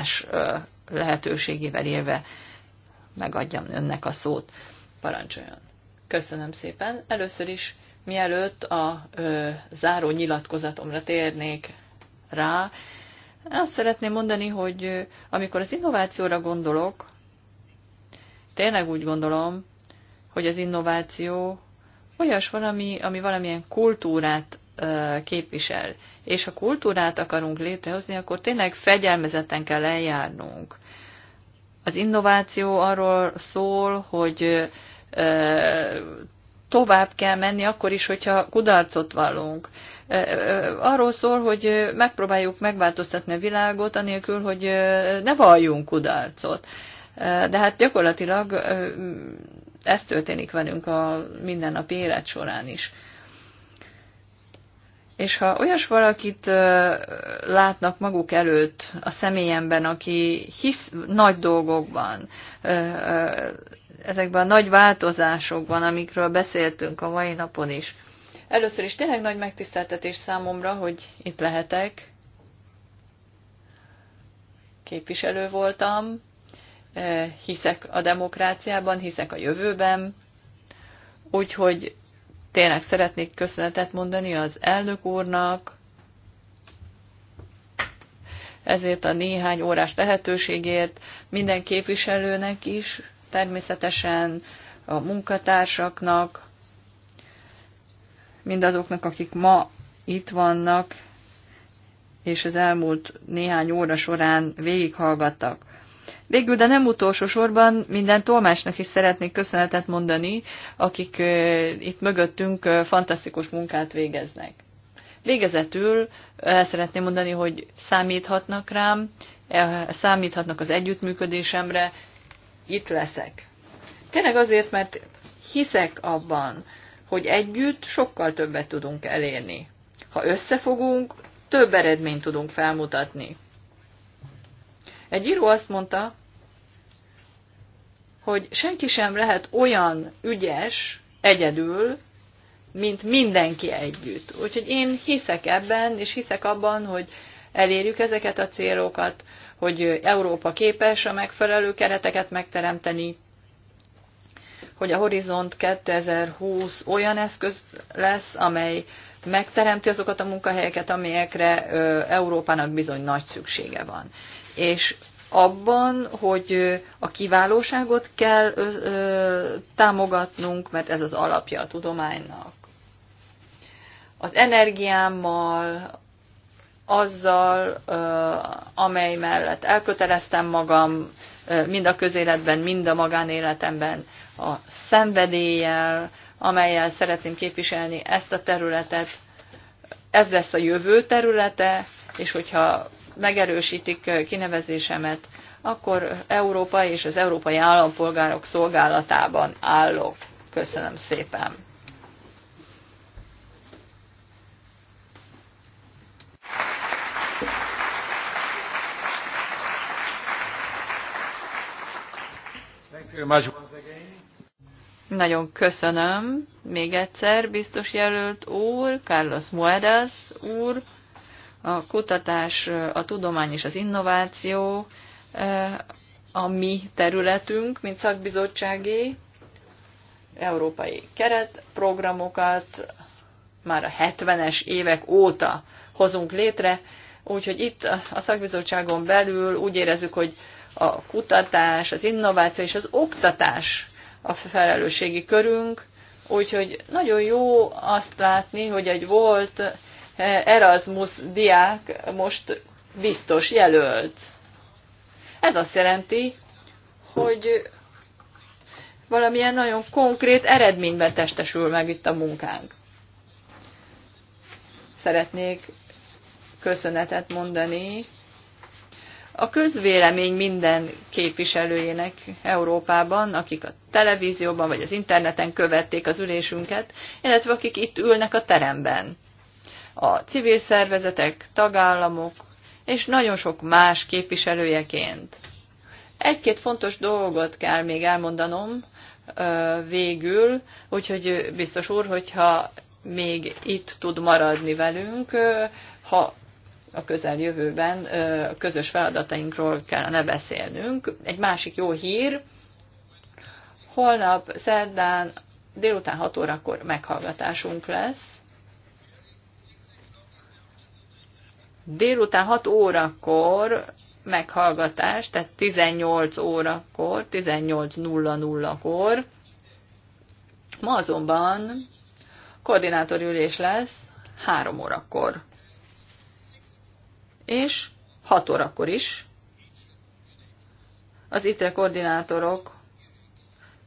megoldás lehetőségével élve megadjam önnek a szót. Parancsoljon. Köszönöm szépen. Először is, mielőtt a ö, záró nyilatkozatomra térnék rá, azt szeretném mondani, hogy amikor az innovációra gondolok, tényleg úgy gondolom, hogy az innováció olyas valami, ami valamilyen kultúrát képvisel, és ha kultúrát akarunk létrehozni, akkor tényleg fegyelmezetten kell eljárnunk. Az innováció arról szól, hogy tovább kell menni akkor is, hogyha kudarcot vallunk. Arról szól, hogy megpróbáljuk megváltoztatni a világot, anélkül, hogy ne valljunk kudarcot. De hát gyakorlatilag ez történik velünk a mindennapi élet során is. És ha olyas valakit látnak maguk előtt a személyemben, aki hisz nagy dolgokban, ezekben a nagy változásokban, amikről beszéltünk a mai napon is, először is tényleg nagy megtiszteltetés számomra, hogy itt lehetek. Képviselő voltam, hiszek a demokráciában, hiszek a jövőben, úgyhogy Tényleg szeretnék köszönetet mondani az elnök úrnak, ezért a néhány órás lehetőségért, minden képviselőnek is, természetesen a munkatársaknak, mindazoknak, akik ma itt vannak, és az elmúlt néhány óra során végighallgattak. Végül, de nem utolsó sorban minden tolmásnak is szeretnék köszönetet mondani, akik itt mögöttünk fantasztikus munkát végeznek. Végezetül el szeretném mondani, hogy számíthatnak rám, e, számíthatnak az együttműködésemre, itt leszek. Tényleg azért, mert hiszek abban, hogy együtt sokkal többet tudunk elérni. Ha összefogunk, több eredményt tudunk felmutatni. Egy író azt mondta, hogy senki sem lehet olyan ügyes egyedül, mint mindenki együtt. Úgyhogy én hiszek ebben, és hiszek abban, hogy elérjük ezeket a célokat, hogy Európa képes a megfelelő kereteket megteremteni, hogy a Horizont 2020 olyan eszköz lesz, amely megteremti azokat a munkahelyeket, amelyekre Európának bizony nagy szüksége van. És abban, hogy a kiválóságot kell támogatnunk, mert ez az alapja a tudománynak. Az energiámmal, azzal, amely mellett elköteleztem magam, mind a közéletben, mind a magánéletemben, a szenvedéllyel, amelyel szeretném képviselni ezt a területet. Ez lesz a jövő területe, és hogyha megerősítik kinevezésemet, akkor Európa és az európai állampolgárok szolgálatában állok. Köszönöm szépen! Nagyon köszönöm még egyszer, biztos jelölt úr, Carlos Moedas úr a kutatás, a tudomány és az innováció eh, a mi területünk, mint szakbizottsági európai keretprogramokat már a 70-es évek óta hozunk létre, úgyhogy itt a szakbizottságon belül úgy érezzük, hogy a kutatás, az innováció és az oktatás a felelősségi körünk, úgyhogy nagyon jó azt látni, hogy egy volt Erasmus diák most biztos jelölt. Ez azt jelenti, hogy valamilyen nagyon konkrét eredményben testesül meg itt a munkánk. Szeretnék köszönetet mondani a közvélemény minden képviselőjének Európában, akik a televízióban vagy az interneten követték az ülésünket, illetve akik itt ülnek a teremben a civil szervezetek, tagállamok és nagyon sok más képviselőjeként. Egy-két fontos dolgot kell még elmondanom végül, úgyhogy biztos úr, hogyha még itt tud maradni velünk, ha a közeljövőben a közös feladatainkról kellene beszélnünk. Egy másik jó hír, holnap szerdán délután 6 órakor meghallgatásunk lesz, délután 6 órakor meghallgatás, tehát 18 órakor, 18.00-kor. Ma azonban koordinátorülés lesz 3 órakor. És 6 órakor is. Az ITRE koordinátorok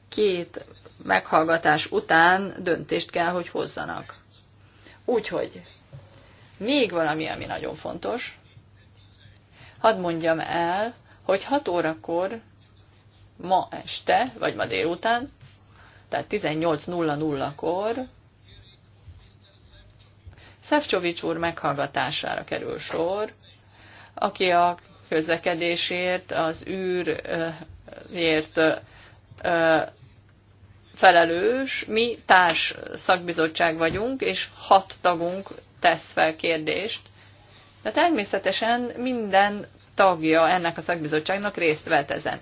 két meghallgatás után döntést kell, hogy hozzanak. Úgyhogy még valami, ami nagyon fontos. Hadd mondjam el, hogy 6 órakor ma este, vagy ma délután, tehát 18.00-kor Szefcsovics úr meghallgatására kerül sor, aki a közlekedésért, az űrért felelős. Mi társ szakbizottság vagyunk, és hat tagunk tesz fel kérdést, de természetesen minden tagja ennek a szakbizottságnak részt vett ezen.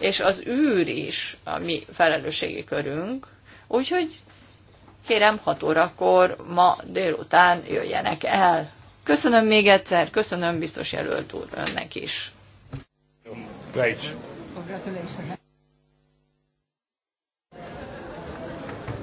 És az űr is a mi felelősségi körünk, úgyhogy kérem 6 órakor ma délután jöjjenek el. Köszönöm még egyszer, köszönöm biztos jelölt úr önnek is. Great. Congratulations.